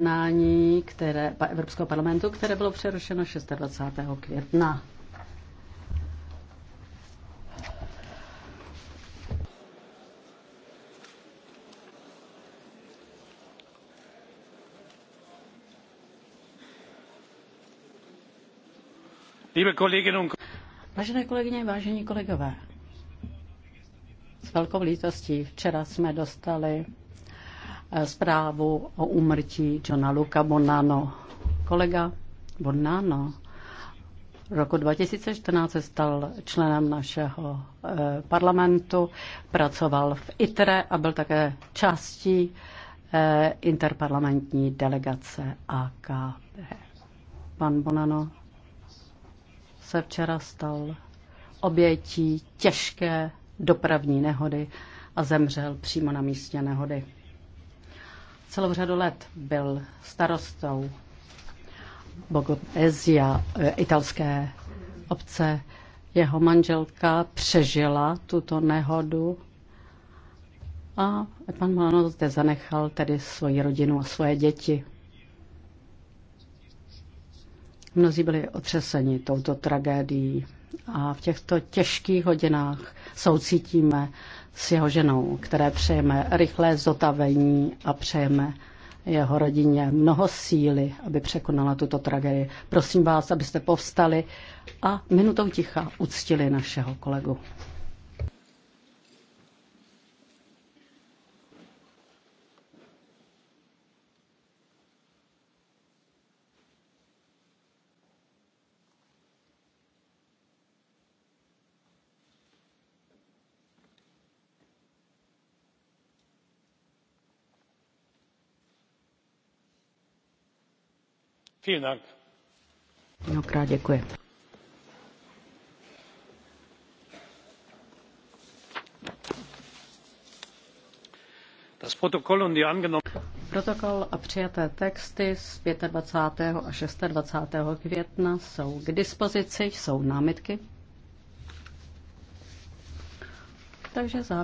jednání které, Evropského parlamentu, které bylo přerušeno 26. května. Vážené kolegyně, vážení kolegové, s velkou lítostí včera jsme dostali zprávu o úmrtí Johna Luca Bonano. Kolega Bonano roku 2014 se stal členem našeho eh, parlamentu, pracoval v ITRE a byl také částí eh, interparlamentní delegace AKP. Pan Bonano se včera stal obětí těžké dopravní nehody a zemřel přímo na místě nehody celou řadu let byl starostou Bogotézia, eh, italské obce. Jeho manželka přežila tuto nehodu a pan Malano zde zanechal tedy svoji rodinu a svoje děti. Mnozí byli otřeseni touto tragédií a v těchto těžkých hodinách soucítíme s jeho ženou, které přejeme rychlé zotavení a přejeme jeho rodině mnoho síly, aby překonala tuto tragédii. Prosím vás, abyste povstali a minutou ticha uctili našeho kolegu. Mnohokrát děkuji. Protokol a přijaté texty z 25. a 26. května jsou k dispozici, jsou námitky. Takže zápis.